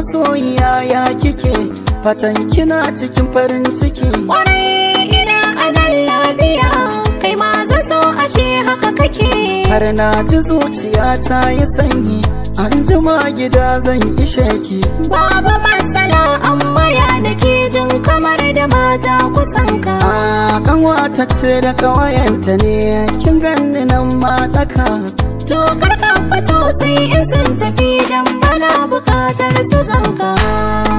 masoyiya ya kike fatan kina cikin farin ciki kwarai ina kanan lafiya kai ma za so a ce haka kake har na ji zuciya ta yi sanyi an jima gida zan ishe ki Baba matsala amma ya nake jin kamar da mata kusan ka a kanwata ce da kawayenta ne kin ganni nan ma daka to karka fito sai in san tafi dan ba fatar su ganka